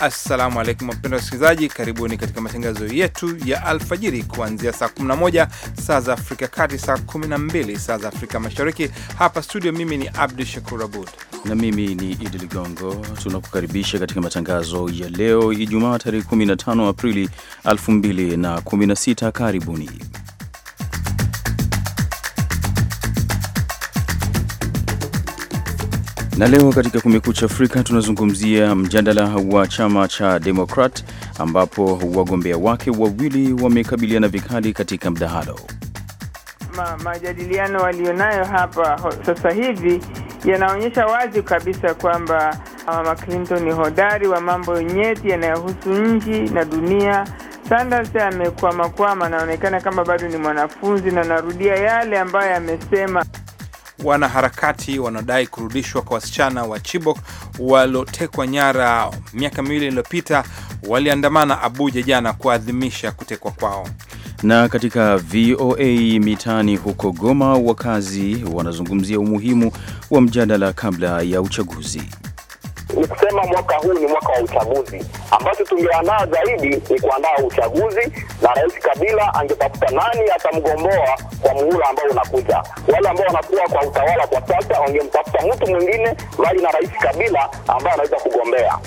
Assalamu alaikum wapenda wasikilizaji, karibuni katika matangazo yetu ya alfajiri kuanzia saa 11 saa za Afrika kati, saa 12 saa za Afrika Mashariki. Hapa studio, mimi ni Abdu Shakur Abud na mimi ni Idi Ligongo. Tunakukaribisha katika matangazo ya leo Ijumaa tarehe 15 Aprili 2016. Karibuni. Na leo katika Kumekucha Afrika tunazungumzia mjadala wa chama cha Demokrat ambapo wagombea wake wawili wamekabiliana vikali katika mdahalo. Ma, majadiliano walionayo hapa sasa hivi yanaonyesha wazi kabisa kwamba uh, Mama Clinton ni hodari wa mambo nyeti yanayohusu nchi na dunia. Sanders amekwamakwama, anaonekana kama bado ni mwanafunzi na anarudia yale ambayo amesema. Wanaharakati wanadai kurudishwa kwa wasichana wa Chibok waliotekwa nyara miaka miwili iliyopita waliandamana Abuja jana kuadhimisha kutekwa kwao. Na katika VOA Mitaani huko Goma, wakazi wanazungumzia umuhimu wa mjadala kabla ya uchaguzi ni kusema mwaka huu ni mwaka wa uchaguzi. Ambacho tungeandaa zaidi ni kuandaa uchaguzi, na Rais Kabila angetafuta nani atamgomboa kwa muhula ambao unakuja. Wale ambao wanakuwa kwa utawala kwa sasa wangemtafuta mtu mwingine mbali na Rais Kabila ambaye anaweza kugombea.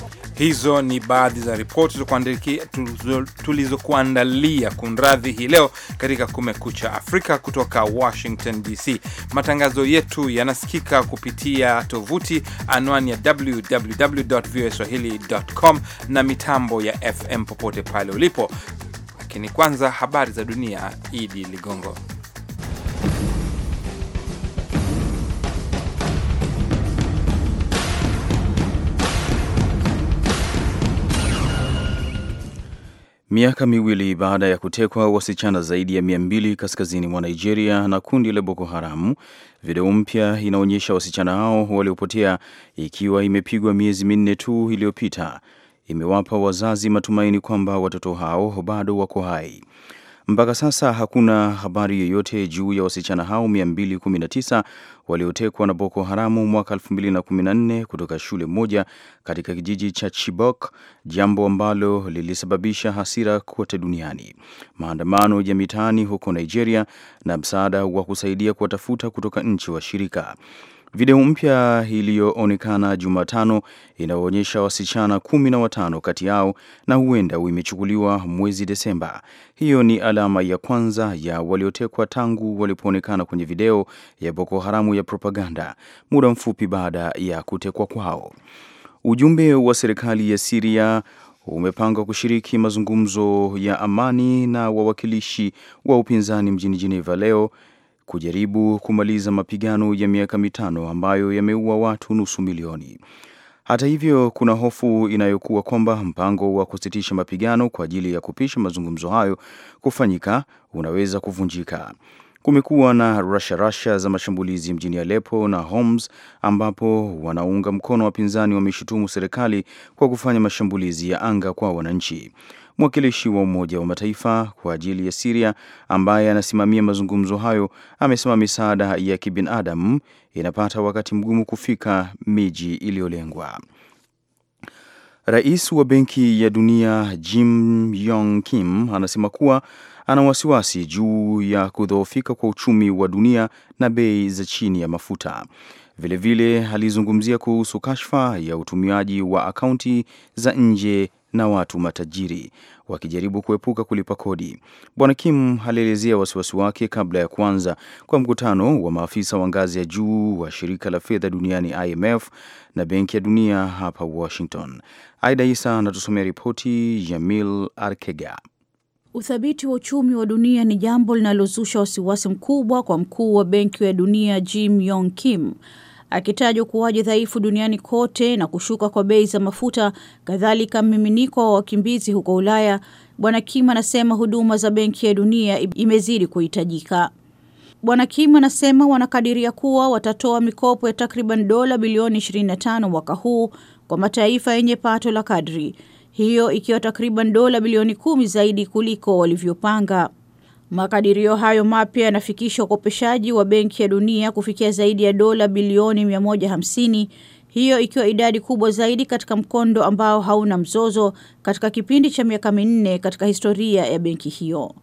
Hizo ni baadhi za ripoti tulizokuandalia kunradhi hii leo katika Kumekucha Afrika kutoka Washington DC. Matangazo yetu yanasikika kupitia tovuti anwani ya www www.voaswahili.com na mitambo ya FM popote pale ulipo, lakini kwanza habari za dunia. Idi Ligongo. Miaka miwili baada ya kutekwa wasichana zaidi ya mia mbili kaskazini mwa Nigeria na kundi la Boko Haramu, video mpya inaonyesha wasichana hao waliopotea ikiwa imepigwa miezi minne tu iliyopita, imewapa wazazi matumaini kwamba watoto hao bado wako hai. Mpaka sasa hakuna habari yoyote juu ya wasichana hao 219 waliotekwa na Boko Haramu mwaka 2014 kutoka shule moja katika kijiji cha Chibok, jambo ambalo lilisababisha hasira kote duniani. Maandamano ya mitaani huko Nigeria na msaada wa kusaidia kuwatafuta kutoka nchi washirika. Video mpya iliyoonekana Jumatano inaonyesha wasichana kumi na watano kati yao na huenda imechukuliwa mwezi Desemba. Hiyo ni alama ya kwanza ya waliotekwa tangu walipoonekana kwenye video ya Boko Haramu ya propaganda muda mfupi baada ya kutekwa kwao. Ujumbe wa serikali ya Siria umepanga kushiriki mazungumzo ya amani na wawakilishi wa upinzani mjini Geneva leo kujaribu kumaliza mapigano ya miaka mitano ambayo yameua watu nusu milioni. Hata hivyo, kuna hofu inayokuwa kwamba mpango wa kusitisha mapigano kwa ajili ya kupisha mazungumzo hayo kufanyika unaweza kuvunjika. Kumekuwa na rasha rasha za mashambulizi mjini Aleppo na Homs ambapo wanaunga mkono wapinzani wameshutumu serikali kwa kufanya mashambulizi ya anga kwa wananchi. Mwakilishi wa Umoja wa Mataifa kwa ajili ya Siria ambaye anasimamia mazungumzo hayo amesema misaada ya kibinadamu inapata wakati mgumu kufika miji iliyolengwa. Rais wa Benki ya Dunia Jim Yong Kim anasema kuwa ana wasiwasi juu ya kudhoofika kwa uchumi wa dunia na bei za chini ya mafuta. Vilevile vile, alizungumzia kuhusu kashfa ya utumiaji wa akaunti za nje na watu matajiri wakijaribu kuepuka kulipa kodi. Bwana Kim alielezea wasiwasi wake kabla ya kuanza kwa mkutano wa maafisa wa ngazi ya juu wa shirika la fedha duniani IMF na benki ya dunia hapa Washington. Aida Isa anatusomea ripoti. Jamil Arkega. Uthabiti wa uchumi wa dunia ni jambo linalozusha wasiwasi mkubwa kwa mkuu wa benki ya dunia Jim Yong Kim akitaja ukuaji dhaifu duniani kote na kushuka kwa bei za mafuta, kadhalika mmiminiko wa wakimbizi huko Ulaya. Bwana Kim anasema huduma za Benki ya Dunia imezidi kuhitajika. Bwana Kim anasema wanakadiria kuwa watatoa mikopo ya takriban dola bilioni 25 mwaka huu kwa mataifa yenye pato la kadri, hiyo ikiwa takriban dola bilioni kumi zaidi kuliko walivyopanga. Makadirio hayo mapya yanafikisha ukopeshaji wa Benki ya Dunia kufikia zaidi ya dola bilioni 150, hiyo ikiwa idadi kubwa zaidi katika mkondo ambao hauna mzozo katika kipindi cha miaka minne katika historia ya benki hiyo.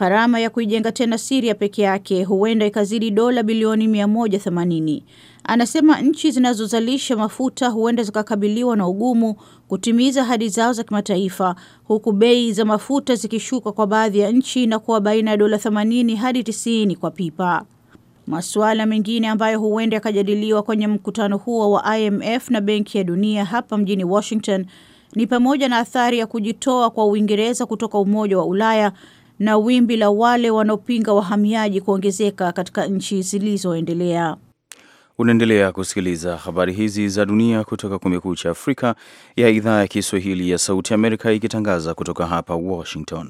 Gharama ya kuijenga tena Siria peke yake huenda ikazidi dola bilioni 180. Anasema nchi zinazozalisha mafuta huenda zikakabiliwa na ugumu kutimiza ahadi zao za kimataifa, huku bei za mafuta zikishuka kwa baadhi ya nchi na kuwa baina ya dola 80 hadi 90 kwa pipa. Masuala mengine ambayo huenda yakajadiliwa kwenye mkutano huo wa IMF na Benki ya Dunia hapa mjini Washington ni pamoja na athari ya kujitoa kwa Uingereza kutoka Umoja wa Ulaya na wimbi la wale wanaopinga wahamiaji kuongezeka katika nchi zilizoendelea. Unaendelea kusikiliza habari hizi za dunia kutoka Kumekucha Afrika ya idhaa ya Kiswahili ya Sauti Amerika ikitangaza kutoka hapa Washington.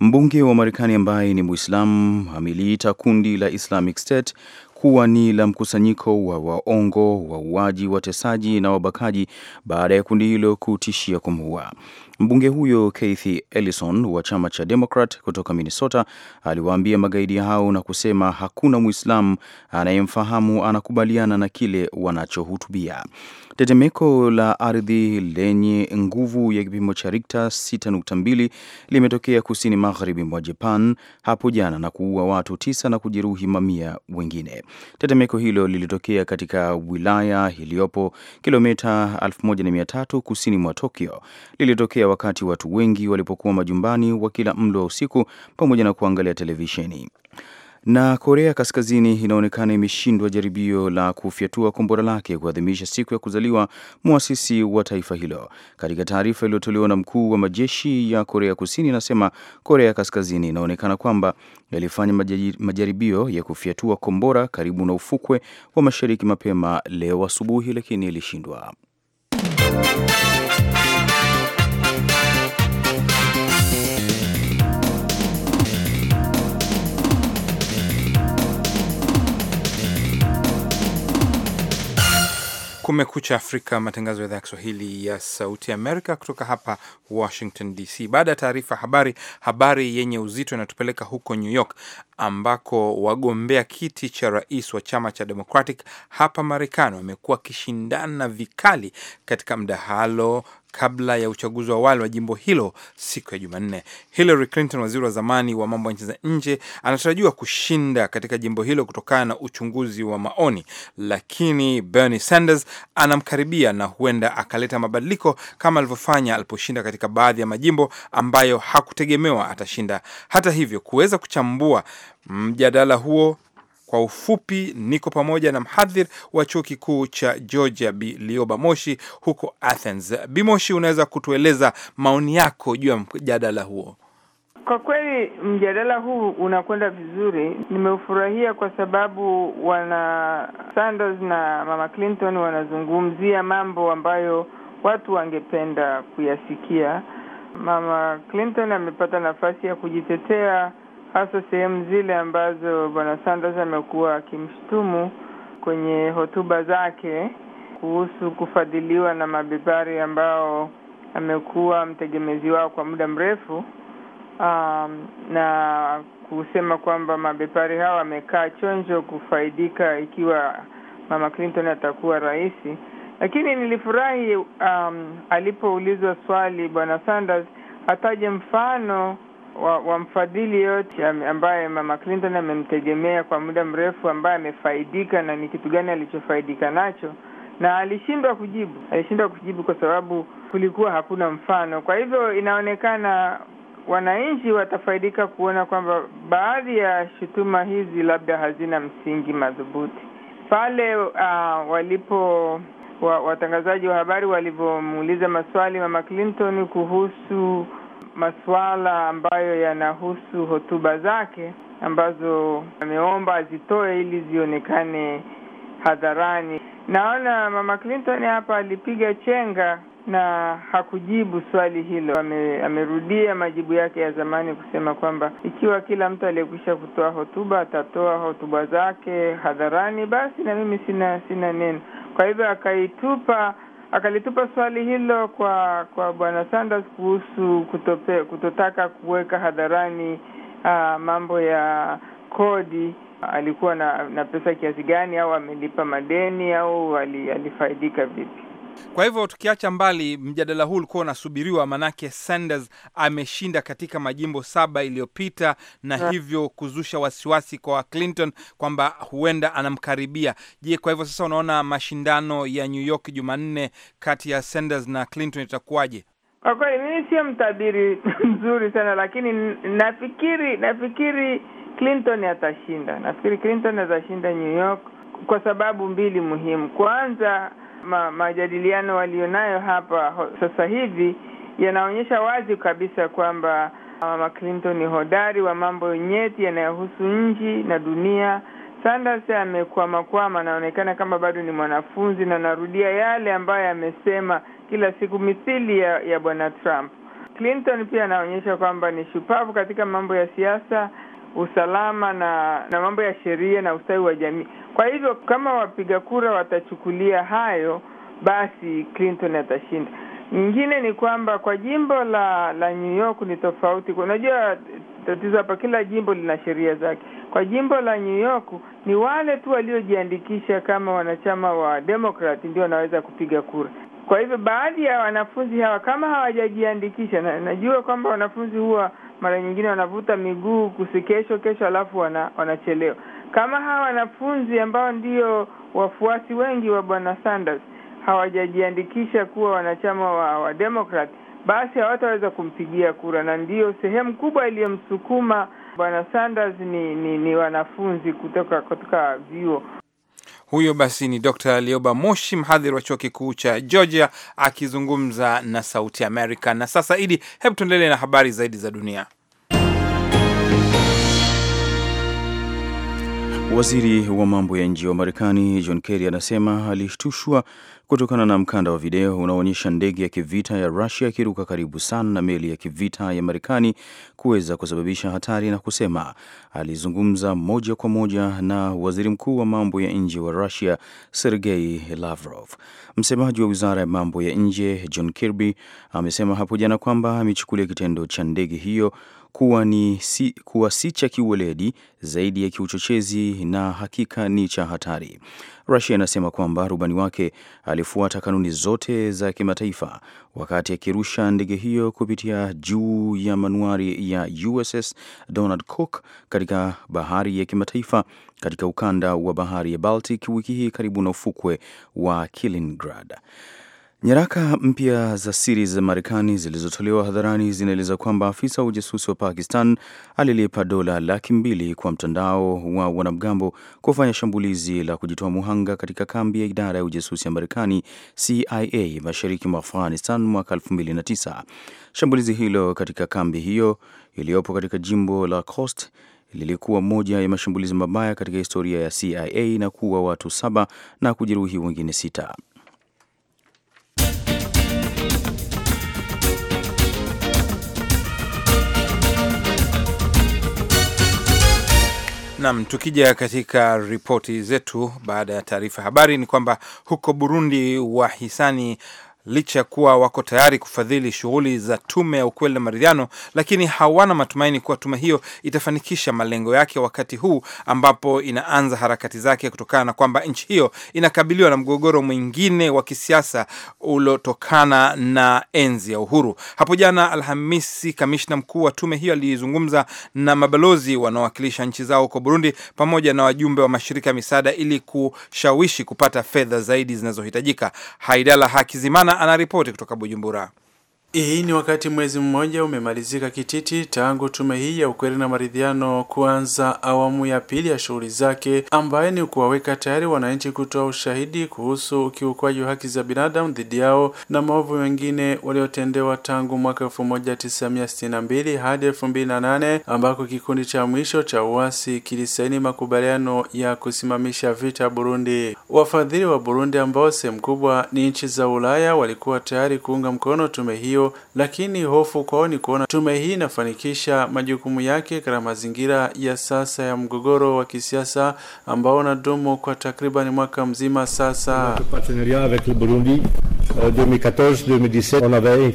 Mbunge wa Marekani ambaye ni Muislamu ameliita kundi la Islamic State kuwa ni la mkusanyiko wa waongo, wauaji, watesaji na wabakaji baada ya kundi hilo kutishia kumuua. Mbunge huyo Keith Ellison wa chama cha Democrat kutoka Minnesota aliwaambia magaidi hao na kusema hakuna Muislamu anayemfahamu anakubaliana na kile wanachohutubia. Tetemeko la ardhi lenye nguvu ya kipimo cha rikta 6.2 limetokea kusini magharibi mwa Japan hapo jana na kuua watu tisa na kujeruhi mamia wengine. Tetemeko hilo lilitokea katika wilaya iliyopo kilomita 1300 kusini mwa Tokyo. Lilitokea wakati watu wengi walipokuwa majumbani wakila mlo wa usiku pamoja na kuangalia televisheni. Na Korea Kaskazini inaonekana imeshindwa jaribio la kufyatua kombora lake kuadhimisha siku ya kuzaliwa mwasisi wa taifa hilo. Katika taarifa iliyotolewa na mkuu wa majeshi ya Korea Kusini, inasema Korea Kaskazini inaonekana kwamba ilifanya majaribio ya kufyatua kombora karibu na ufukwe wa mashariki mapema leo asubuhi, lakini ilishindwa. Kumekucha Afrika, matangazo ya idhaa ya Kiswahili ya Sauti Amerika kutoka hapa Washington DC. Baada ya taarifa habari, habari yenye uzito inatupeleka huko New York ambako wagombea kiti cha rais wa chama cha Democratic hapa Marekani wamekuwa wakishindana vikali katika mdahalo kabla ya uchaguzi wa awali wa jimbo hilo siku ya Jumanne. Hillary Clinton, waziri wa zamani wa mambo ya nchi za nje, anatarajiwa kushinda katika jimbo hilo kutokana na uchunguzi wa maoni, lakini Bernie Sanders anamkaribia na huenda akaleta mabadiliko kama alivyofanya aliposhinda katika baadhi ya majimbo ambayo hakutegemewa atashinda. Hata hivyo, kuweza kuchambua mjadala huo kwa ufupi, niko pamoja na mhadhiri wa chuo kikuu cha Georgia Bi Lioba Moshi huko Athens. Bi Moshi, unaweza kutueleza maoni yako juu ya mjadala huo? Kwa kweli mjadala huu unakwenda vizuri, nimeufurahia kwa sababu wana Sanders na mama Clinton wanazungumzia mambo ambayo watu wangependa kuyasikia. Mama Clinton amepata nafasi ya kujitetea hasa sehemu zile ambazo bwana Sanders amekuwa akimshutumu kwenye hotuba zake kuhusu kufadhiliwa na mabepari ambao amekuwa mtegemezi wao kwa muda mrefu, um, na kusema kwamba mabepari hao wamekaa chonjo kufaidika ikiwa mama Clinton atakuwa rais. Lakini nilifurahi um, alipoulizwa swali bwana Sanders ataje mfano wa, wa mfadhili yote ambaye Mama Clinton amemtegemea kwa muda mrefu, ambaye amefaidika na ni kitu gani alichofaidika nacho, na alishindwa kujibu, alishindwa kujibu kwa sababu kulikuwa hakuna mfano. Kwa hivyo inaonekana wananchi watafaidika kuona kwamba baadhi ya shutuma hizi labda hazina msingi madhubuti pale uh, walipo wa, watangazaji wa habari walivyomuuliza maswali Mama Clinton kuhusu masuala ambayo yanahusu hotuba zake ambazo ameomba azitoe ili zionekane hadharani. Naona mama Clinton hapa alipiga chenga na hakujibu swali hilo. Ame, amerudia majibu yake ya zamani kusema kwamba ikiwa kila mtu aliyekwisha kutoa hotuba atatoa hotuba zake hadharani, basi na mimi sina sina neno. Kwa hivyo akaitupa akalitupa swali hilo kwa kwa bwana Sanders kuhusu kutope, kutotaka kuweka hadharani uh, mambo ya kodi alikuwa na, na pesa kiasi gani au amelipa madeni au alifaidika vipi? Kwa hivyo tukiacha mbali mjadala huu ulikuwa unasubiriwa, manake Sanders ameshinda katika majimbo saba iliyopita, na hivyo kuzusha wasiwasi kwa Clinton kwamba huenda anamkaribia. Je, kwa hivyo sasa unaona mashindano ya New York Jumanne kati ya Sanders na Clinton itakuwaje? Kwa kweli mimi sio mtabiri mzuri sana, lakini nafikiri nafikiri Clinton atashinda. Nafikiri Clinton atashinda New York kwa sababu mbili muhimu. Kwanza ma, majadiliano walionayo hapa sasa hivi yanaonyesha wazi kabisa kwamba uh, Mama Clinton ni hodari wa mambo nyeti yanayohusu nchi na dunia. Sanders amekwamakwama, anaonekana kama bado ni mwanafunzi na anarudia yale ambayo amesema kila siku mithili ya, ya bwana Trump. Clinton pia anaonyesha kwamba ni shupavu katika mambo ya siasa usalama na na mambo ya sheria na ustawi wa jamii. Kwa hivyo kama wapiga kura watachukulia hayo, basi Clinton atashinda. Nyingine ni kwamba kwa jimbo la la New York ni tofauti. Unajua tatizo hapa, kila jimbo lina sheria zake. Kwa jimbo la New York ni wale tu waliojiandikisha kama wanachama wa Democrat ndio wanaweza kupiga kura. Kwa hivyo baadhi ya wanafunzi hawa kama hawajajiandikisha, na najua kwamba wanafunzi huwa mara nyingine wanavuta miguu kusikesho kesho, alafu wana, wanachelewa kama hawa wanafunzi ambao ndio wafuasi wengi wa bwana Sanders hawajajiandikisha kuwa wanachama wa, wa Democrat, basi hawataweza kumpigia kura, na ndio sehemu kubwa iliyomsukuma bwana Sanders ni, ni, ni wanafunzi kutoka kutoka vyuo. Huyo basi ni Dr. Lioba Moshi, mhadhiri wa chuo kikuu cha Georgia akizungumza na Sauti Amerika. Na sasa, Idi, hebu tuendelee na habari zaidi za dunia. Waziri wa mambo ya nje wa Marekani John Kerry anasema alishtushwa kutokana na mkanda wa video unaoonyesha ndege ya kivita ya Russia ikiruka karibu sana na meli ya kivita ya Marekani kuweza kusababisha hatari, na kusema alizungumza moja kwa moja na waziri mkuu wa mambo ya nje wa Russia Sergei Lavrov. Msemaji wa wizara ya mambo ya nje John Kirby amesema hapo jana kwamba amechukulia kitendo cha ndege hiyo kuwa ni si, kuwa si cha kiweledi zaidi ya kiuchochezi na hakika ni cha hatari. Russia inasema kwamba rubani wake alifuata kanuni zote za kimataifa wakati akirusha ndege hiyo kupitia juu ya manuari ya USS Donald Cook katika bahari ya kimataifa katika ukanda wa bahari ya Baltic wiki hii karibu na ufukwe wa Kaliningrad. Nyaraka mpya za siri za Marekani zilizotolewa hadharani zinaeleza kwamba afisa wa ujasusi wa Pakistan alilipa dola laki mbili kwa mtandao wa wanamgambo kufanya shambulizi la kujitoa muhanga katika kambi ya idara ya ujasusi ya Marekani CIA mashariki mwa Afghanistan mwaka 2009. Shambulizi hilo katika kambi hiyo iliyopo katika jimbo la Khost lilikuwa moja ya mashambulizi mabaya katika historia ya CIA na kuua watu saba na kujeruhi wengine sita. Nam, tukija katika ripoti zetu baada ya taarifa habari, ni kwamba huko Burundi wahisani licha ya kuwa wako tayari kufadhili shughuli za tume ya ukweli na maridhiano, lakini hawana matumaini kuwa tume hiyo itafanikisha malengo yake wakati huu ambapo inaanza harakati zake, kutokana na kwamba nchi hiyo inakabiliwa na mgogoro mwingine wa kisiasa uliotokana na enzi ya uhuru. Hapo jana Alhamisi, kamishna mkuu wa tume hiyo alizungumza na mabalozi wanaowakilisha nchi zao huko Burundi pamoja na wajumbe wa mashirika ya misaada ili kushawishi kupata fedha zaidi zinazohitajika. Haidala Hakizimana anaripoti kutoka Bujumbura. Hii ni wakati mwezi mmoja umemalizika kititi tangu tume hii ya ukweli na maridhiano kuanza awamu ya pili ya shughuli zake, ambaye ni kuwaweka tayari wananchi kutoa ushahidi kuhusu ukiukwaji wa haki za binadamu dhidi yao na maovu mengine waliotendewa tangu mwaka 1962 hadi 2008 ambako kikundi cha mwisho cha uasi kilisaini makubaliano ya kusimamisha vita Burundi. Wafadhili wa Burundi ambao sehemu kubwa ni nchi za Ulaya walikuwa tayari kuunga mkono tume hiyo lakini hofu kwao ni kuona tume hii inafanikisha majukumu yake katika mazingira ya sasa ya mgogoro wa kisiasa ambao unadumu kwa takriban mwaka mzima sasa. Euh,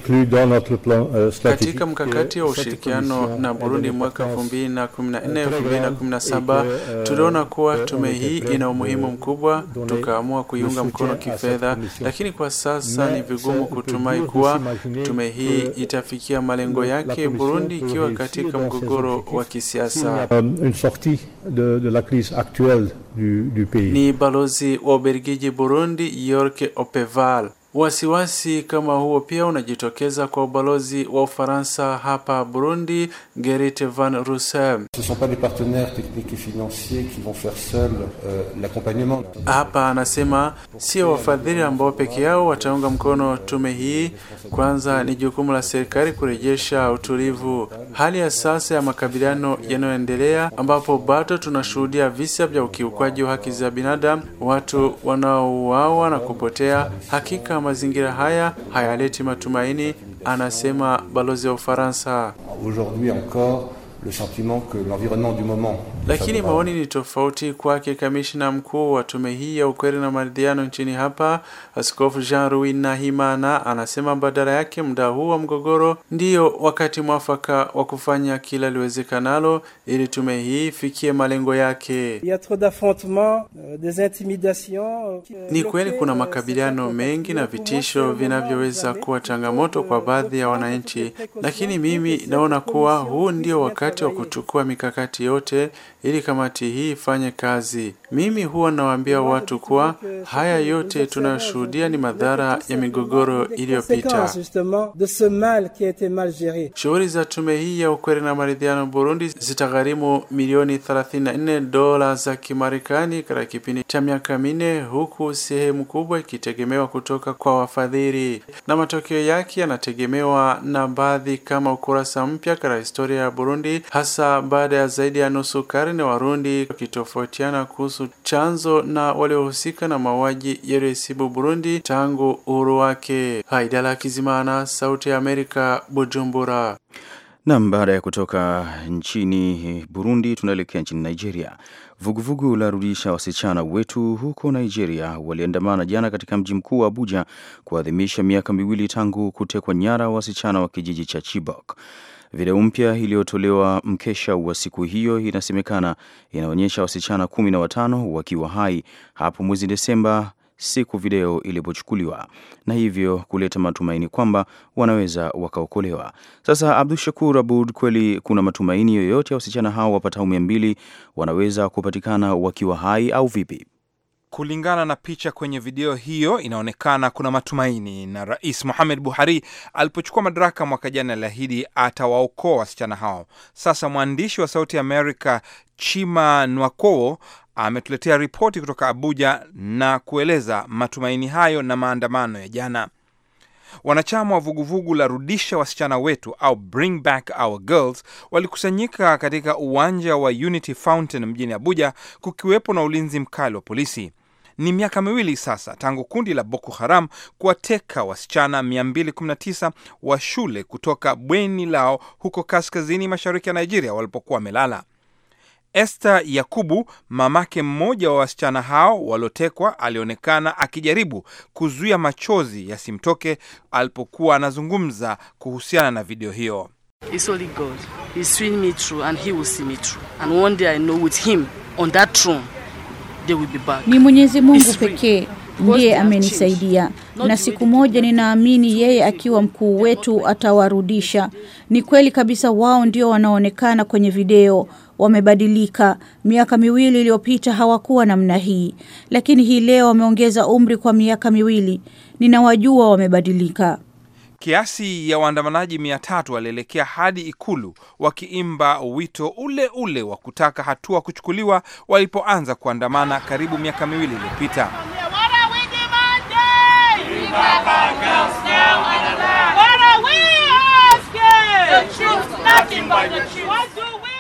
euh, katika mkakati wa ushirikiano na Burundi mwaka 2014-2017 euh, tuliona kuwa tume hii ina umuhimu mkubwa, tukaamua kuiunga mkono kifedha, lakini kwa sasa ni vigumu kutumai kuwa tume tume hii eh, itafikia malengo yake Burundi ikiwa katika mgogoro wa kisiasa. Ni balozi wa Ubelgiji Burundi York Opeval Wasiwasi kama huo pia unajitokeza kwa ubalozi wa Ufaransa hapa Burundi, Gerrit Van Rossem. Ce sont pas des partenaires techniques et financiers qui vont faire seul euh, l'accompagnement. Hapa anasema sio wafadhili ambao peke yao wataunga mkono tume hii. Kwanza ni jukumu la serikali kurejesha utulivu. Hali ya sasa ya makabiliano yanayoendelea, ambapo bado tunashuhudia visa vya ukiukwaji wa haki za binadamu, watu wanaouawa na kupotea, hakika ya mazingira haya hayaleti matumaini, anasema balozi wa Ufaransa. Aujourd'hui encore le sentiment que l'environnement du moment. Lakini maoni ni tofauti kwake kamishna mkuu wa tume hii ya ukweli na maridhiano nchini hapa, Askofu Jean Louis Nahimana anasema badala yake muda huu wa mgogoro ndiyo wakati mwafaka wa kufanya kila liwezekanalo ili tume hii ifikie malengo yake. Euh, euh, ni kweli kuna euh, makabiliano mengi na vitisho vinavyoweza kuwa changamoto kwa baadhi ya wananchi, lakini mimi naona kuwa huu ndio wakati wakati wa kuchukua mikakati yote ili kamati hii ifanye kazi. Mimi huwa nawaambia watu kuwa haya yote tunayoshuhudia ni madhara ya migogoro iliyopita. Shughuli za tume hii ya ukweli na maridhiano Burundi zitagharimu milioni 34 dola za Kimarekani katika kipindi cha miaka minne, huku sehemu kubwa ikitegemewa kutoka kwa wafadhili, na matokeo yake yanategemewa na baadhi kama ukurasa mpya katika historia ya Burundi hasa baada ya zaidi ya nusu karne Warundi wakitofautiana kuhusu chanzo na waliohusika na mauaji yaliyoisibu Burundi tangu uhuru wake. Haidala Kizimana, Sauti ya Amerika, Bujumbura. Nam, baada ya kutoka nchini Burundi tunaelekea nchini Nigeria. Vuguvugu vugu la rudisha wasichana wetu huko Nigeria waliandamana jana katika mji mkuu wa Abuja kuadhimisha miaka miwili tangu kutekwa nyara wasichana wa kijiji cha Chibok. Video mpya iliyotolewa mkesha wa siku hiyo inasemekana inaonyesha wasichana kumi na watano wakiwa hai hapo mwezi Desemba siku video ilipochukuliwa na hivyo kuleta matumaini kwamba wanaweza wakaokolewa. Sasa Abdu Shakur Abud, kweli kuna matumaini yoyote ya wasichana hao wapatao mia mbili wanaweza kupatikana wakiwa hai au vipi? Kulingana na picha kwenye video hiyo, inaonekana kuna matumaini, na Rais Mohamed Buhari alipochukua madaraka mwaka jana aliahidi atawaokoa wasichana hao. Sasa mwandishi wa Sauti ya Amerika Chima Nwakowo ametuletea ripoti kutoka Abuja na kueleza matumaini hayo na maandamano ya jana. Wanachama wa vuguvugu la rudisha wasichana wetu au Bring Back Our Girls walikusanyika katika uwanja wa Unity Fountain mjini Abuja, kukiwepo na ulinzi mkali wa polisi. Ni miaka miwili sasa tangu kundi la Boko Haram kuwateka wasichana 219 wa shule kutoka bweni lao huko kaskazini mashariki ya Nigeria walipokuwa wamelala. Esther Yakubu, mamake mmoja wa wasichana hao waliotekwa, alionekana akijaribu kuzuia machozi yasimtoke alipokuwa anazungumza kuhusiana na video hiyo. It's ni Mwenyezi Mungu pekee ndiye amenisaidia, na siku moja ninaamini yeye akiwa mkuu wetu atawarudisha. Ni kweli kabisa, wao ndio wanaonekana kwenye video wamebadilika. Miaka miwili iliyopita hawakuwa namna hii, lakini hii leo wameongeza umri kwa miaka miwili. Ninawajua wamebadilika. Kiasi ya waandamanaji mia tatu walielekea hadi ikulu wakiimba wito ule ule wa kutaka hatua kuchukuliwa walipoanza kuandamana karibu miaka miwili iliyopita.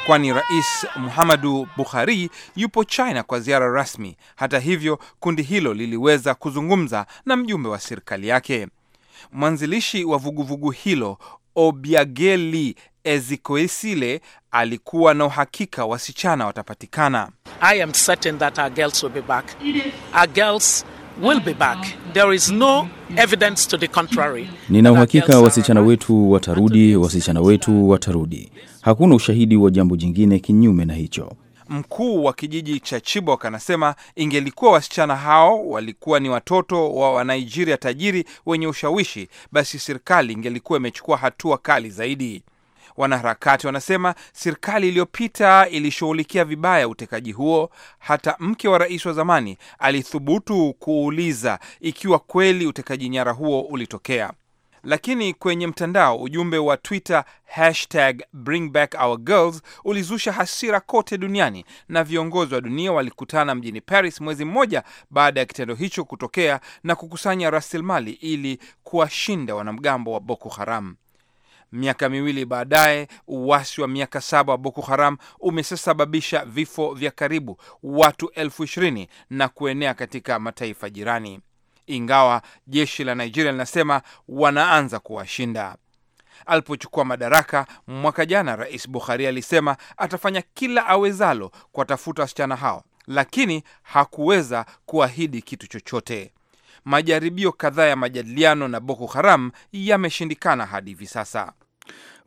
Kwani Rais Muhammadu Buhari yupo China kwa ziara rasmi. Hata hivyo, kundi hilo liliweza kuzungumza na mjumbe wa serikali yake. Mwanzilishi wa vuguvugu vugu hilo Obiageli Ezikoesile alikuwa na uhakika wasichana watapatikana. no Nina uhakika wasichana wetu watarudi, wasichana wetu watarudi. Hakuna ushahidi wa jambo jingine kinyume na hicho. Mkuu wa kijiji cha Chibok anasema ingelikuwa wasichana hao walikuwa ni watoto wa Wanigeria tajiri wenye ushawishi, basi serikali ingelikuwa imechukua hatua kali zaidi. Wanaharakati wanasema serikali iliyopita ilishughulikia vibaya utekaji huo. Hata mke wa rais wa zamani alithubutu kuuliza ikiwa kweli utekaji nyara huo ulitokea. Lakini kwenye mtandao, ujumbe wa Twitter hashtag bring back our girls ulizusha hasira kote duniani, na viongozi wa dunia walikutana mjini Paris mwezi mmoja baada ya kitendo hicho kutokea na kukusanya rasilimali ili kuwashinda wanamgambo wa Boko Haram. Miaka miwili baadaye, uwasi wa miaka saba wa Boko Haram umesababisha vifo vya karibu watu elfu ishirini na kuenea katika mataifa jirani ingawa jeshi la Nigeria linasema wanaanza kuwashinda. Alipochukua madaraka mwaka jana, Rais Buhari alisema atafanya kila awezalo kuwatafuta wasichana hao, lakini hakuweza kuahidi kitu chochote. Majaribio kadhaa ya majadiliano na Boko Haram yameshindikana hadi hivi sasa.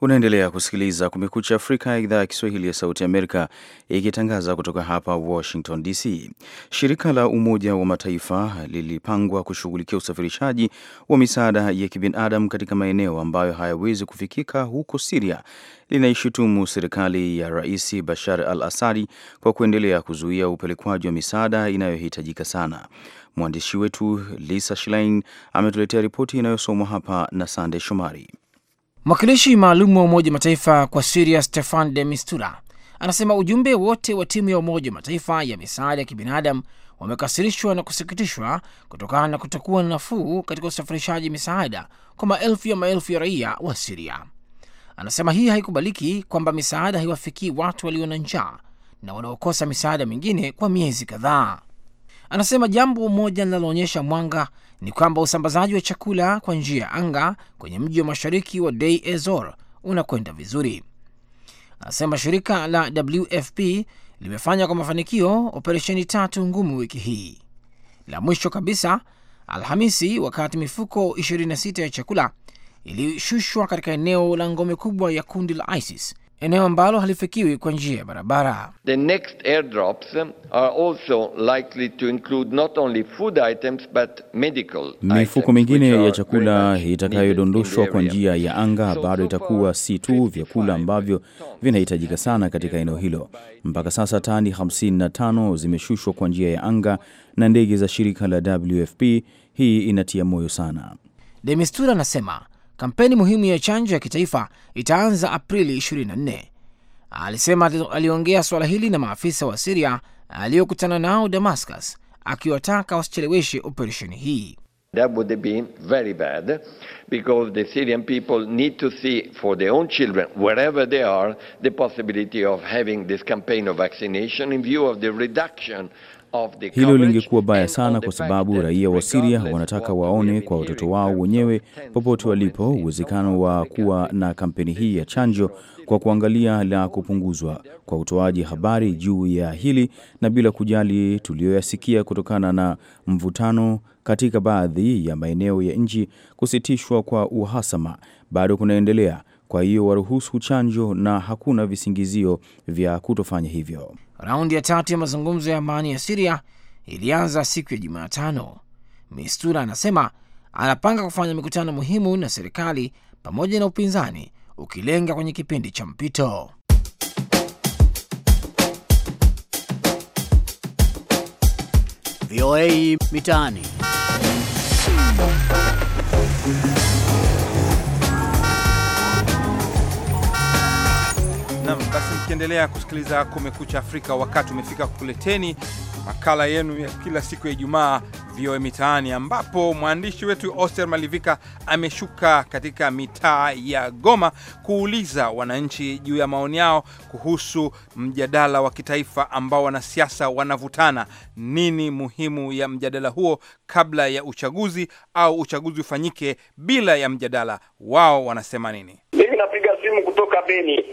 Unaendelea kusikiliza Kumekucha Afrika, idhaa ya Kiswahili ya Sauti Amerika, ikitangaza kutoka hapa Washington DC. Shirika la Umoja wa Mataifa lilipangwa kushughulikia usafirishaji wa misaada ya kibinadamu katika maeneo ambayo hayawezi kufikika huko Siria linaishutumu serikali ya Rais Bashar al Assadi kwa kuendelea kuzuia upelekwaji wa misaada inayohitajika sana. Mwandishi wetu Lisa Schlein ametuletea ripoti inayosomwa hapa na Sande Shomari. Mwakilishi maalum wa Umoja Mataifa kwa Siria Stefan de Mistura anasema ujumbe wote wa timu ya Umoja Mataifa ya misaada ya kibinadam wamekasirishwa na kusikitishwa kutokana na kutokuwa na nafuu katika usafirishaji misaada kwa maelfu ya maelfu ya raia wa Siria. Anasema hii haikubaliki kwamba misaada haiwafikii watu walio na njaa na wanaokosa misaada mingine kwa miezi kadhaa. Anasema jambo moja linaloonyesha mwanga ni kwamba usambazaji wa chakula kwa njia ya anga kwenye mji wa mashariki wa Dei Ezor unakwenda vizuri. Anasema shirika la WFP limefanya kwa mafanikio operesheni tatu ngumu wiki hii. La mwisho kabisa Alhamisi, wakati mifuko 26 ya chakula ilishushwa katika eneo la ngome kubwa ya kundi la ISIS eneo ambalo halifikiwi kwa njia ya barabara. The next airdrops are also likely to include not only food items but medical. Mifuko mingine ya chakula itakayodondoshwa kwa njia ya anga bado itakuwa si tu vyakula ambavyo vinahitajika sana katika eneo hilo. Mpaka sasa tani 55 zimeshushwa kwa njia ya anga na ndege za shirika la WFP. Hii inatia moyo sana. Demistura anasema Kampeni muhimu ya chanjo ya kitaifa itaanza Aprili 24. Alisema aliongea suala hili na maafisa wa Siria aliyokutana nao Damascus, akiwataka wasicheleweshe operesheni hii. That would be very bad because the Syrian people need to see for their own children wherever they are the possibility of having this campaign of vaccination in view of the reduction hilo lingekuwa baya sana, kwa sababu raia wa Siria wanataka waone kwa watoto wao wenyewe popote walipo uwezekano wa kuwa na kampeni hii ya chanjo, kwa kuangalia la kupunguzwa kwa utoaji habari juu ya hili na bila kujali tuliyoyasikia kutokana na mvutano katika baadhi ya maeneo ya nchi. Kusitishwa kwa uhasama bado kunaendelea kwa hiyo waruhusu chanjo na hakuna visingizio vya kutofanya hivyo. Raundi ya tatu ya mazungumzo ya amani ya Siria ilianza siku ya Jumatano. Mistura anasema anapanga kufanya mikutano muhimu na serikali pamoja na upinzani, ukilenga kwenye kipindi cha mpito. VOA Mitaani. Naam, basi mkiendelea kusikiliza Kumekucha Afrika, wakati umefika kukuleteni makala yenu ya kila siku ya Ijumaa VOA Mitaani, ambapo mwandishi wetu Oster Malivika ameshuka katika mitaa ya Goma kuuliza wananchi juu ya maoni yao kuhusu mjadala wa kitaifa ambao wanasiasa wanavutana. Nini muhimu ya mjadala huo kabla ya uchaguzi, au uchaguzi ufanyike bila ya mjadala? Wao wanasema nini? napiga simu kutoka Beni.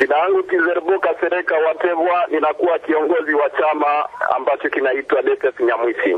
Jina langu Kizerboka Sereka Watevwa, ninakuwa kiongozi wa chama ambacho kinaitwa DSS Nyamwisi.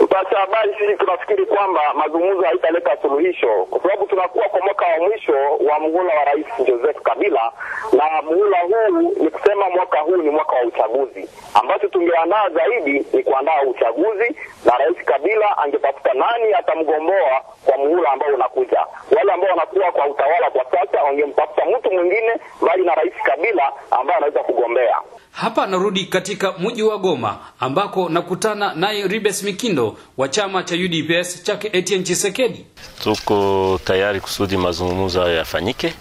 Mpasa habari, sisi tunafikiri kwamba mazungumzo haitaleta suluhisho, kwa sababu tunakuwa kwa mwaka wa mwisho wa muhula wa Rais Joseph Kabila, na muhula huu ni kusema mwaka huu ni mwaka wa uchaguzi. Ambacho tungeandaa zaidi ni kuandaa uchaguzi, na Rais Kabila angetafuta nani atamgomboa kwa muhula ambao unakuja. Wale ambao wanakuwa kwa utawala kwa wangempata wangempata mtu mwingine bali na Rais Kabila ambaye anaweza kugombea. Hapa narudi katika mji wa Goma ambako nakutana naye Ribes Mikindo wa chama cha UDPS chake Etienne Chisekedi. Tuko tayari kusudi mazungumzo hayo yafanyike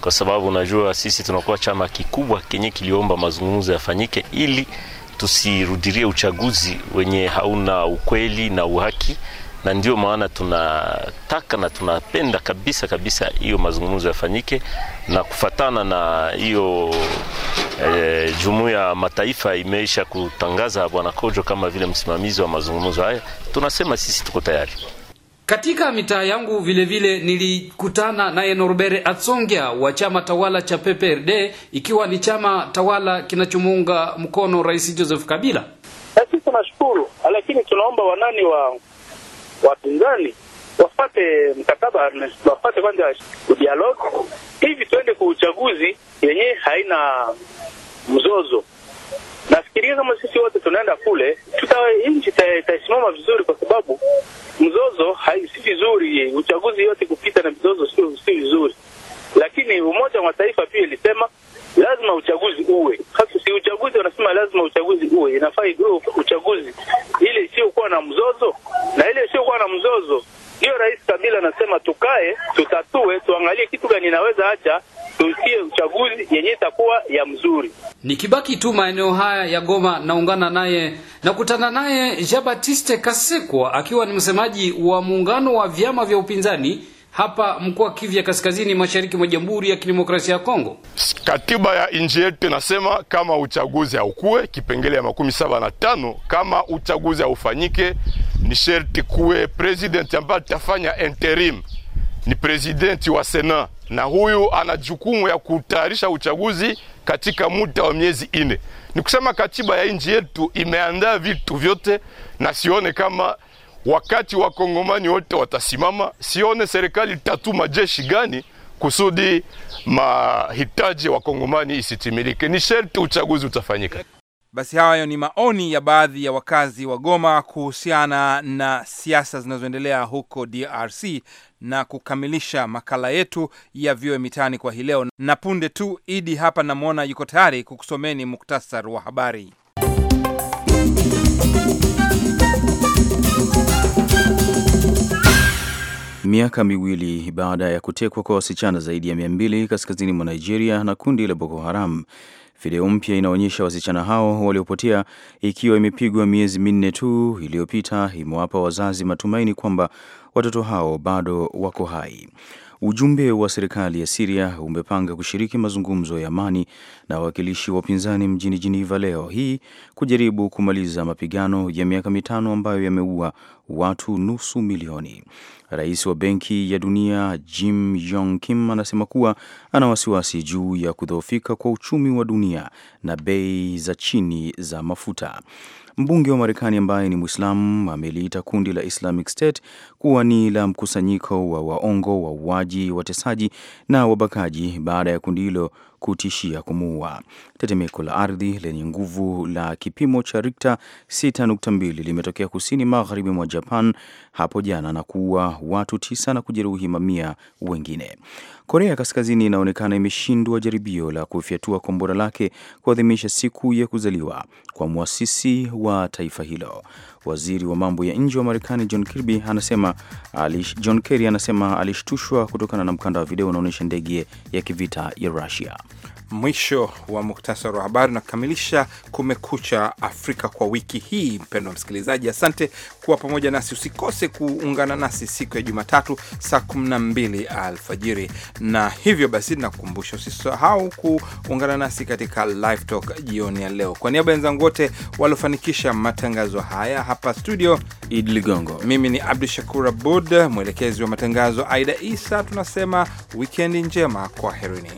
kwa sababu najua sisi tunakuwa chama kikubwa kenye kiliomba mazungumzo yafanyike ili tusirudirie uchaguzi wenye hauna ukweli na uhaki na ndio maana tunataka na tunapenda kabisa kabisa hiyo mazungumzo yafanyike, na kufatana na hiyo e, jumuiya ya mataifa imeisha kutangaza Bwana Kojo kama vile msimamizi wa mazungumzo haya, tunasema sisi tuko tayari. Katika mitaa yangu vile vile nilikutana naye Norbere Atsongia wa chama tawala cha PPRD, ikiwa ni chama tawala kinachomuunga mkono Rais Joseph Kabila. Sisi tunashukuru, lakini tunaomba wanani wa wapinzani wafate mkataba, wafate kwanza dialog hivi tuende kwa uchaguzi yenye haina mzozo. Nafikiria kama sisi wote tunaenda kule, nchi itasimama vizuri, kwa sababu mzozo si vizuri. Uchaguzi yote kupita na mzozo si vizuri, lakini Umoja wa Mataifa pia ilisema lazima uchaguzi uwe hasa, si uchaguzi wanasema lazima uchaguzi uwe, inafaa iwe uchaguzi ile isiyokuwa na mzozo, na ile isiyokuwa na mzozo ndiyo Rais Kabila anasema tukae, tutatue, tuangalie kitu gani inaweza acha tusikie uchaguzi yenye itakuwa ya mzuri. Nikibaki tu maeneo haya ya Goma, naungana naye nakutana naye Jean Baptiste Kasekwa akiwa ni msemaji wa muungano wa vyama vya upinzani hapa mkoa wa Kivu ya kaskazini mashariki mwa Jamhuri ya Kidemokrasia ya Kongo. Katiba ya nchi yetu inasema kama uchaguzi haukuwe, kipengele ya makumi saba na tano, kama uchaguzi haufanyike ni sherti kuwe president ambaye atafanya interim, ni presidenti wa Sena, na huyu ana jukumu ya kutayarisha uchaguzi katika muda wa miezi ine. Ni kusema katiba ya nchi yetu imeandaa vitu vyote na sione kama wakati wakongomani wote watasimama, sione serikali tatuma jeshi gani kusudi mahitaji ya wakongomani isitimilike. Ni sherti uchaguzi utafanyika. Basi hayo ni maoni ya baadhi ya wakazi wa Goma kuhusiana na siasa zinazoendelea huko DRC na kukamilisha makala yetu ya vyoe mitaani kwa hii leo. Na punde tu Idi hapa namwona yuko tayari kukusomeni muktasar wa habari. Miaka miwili baada ya kutekwa kwa wasichana zaidi ya mia mbili kaskazini mwa Nigeria na kundi la Boko Haram, video mpya inaonyesha wasichana hao waliopotea ikiwa imepigwa miezi minne tu iliyopita, imewapa wazazi matumaini kwamba watoto hao bado wako hai. Ujumbe wa serikali ya Siria umepanga kushiriki mazungumzo ya amani na wawakilishi wa upinzani mjini Jiniva leo hii kujaribu kumaliza mapigano ya miaka mitano ambayo yameua watu nusu milioni. Rais wa Benki ya Dunia Jim Yong Kim anasema kuwa ana wasiwasi juu ya kudhoofika kwa uchumi wa dunia na bei za chini za mafuta. Mbunge wa Marekani ambaye ni Mwislamu ameliita kundi la Islamic State kuwa ni la mkusanyiko wa waongo, wauaji, watesaji na wabakaji baada ya kundi hilo kutishia kumuua. Tetemeko la ardhi lenye nguvu la kipimo cha rikta 6.2 limetokea kusini magharibi mwa Japan hapo jana na kuua watu tisa na kujeruhi mamia wengine. Korea Kaskazini inaonekana imeshindwa jaribio la kufyatua kombora lake kuadhimisha siku ya kuzaliwa kwa mwasisi wa taifa hilo. Waziri wa mambo ya nje wa Marekani John Kirby anasema alish, John Kerry anasema alishtushwa kutokana na mkanda wa video unaonyesha ndege ya kivita ya Russia mwisho wa muktasari wa habari, na kukamilisha Kumekucha Afrika kwa wiki hii. mpendo wa msikilizaji, asante kuwa pamoja nasi. Usikose kuungana nasi siku ya Jumatatu saa 12 alfajiri, na hivyo basi nakukumbusha usisahau kuungana nasi katika Live Talk jioni ya leo. Kwa niaba ya wenzangu wote waliofanikisha matangazo haya hapa studio, Idi Ligongo, mimi ni Abdu Shakur Abud, mwelekezi wa matangazo Aida Isa, tunasema wikendi njema, kwaherini.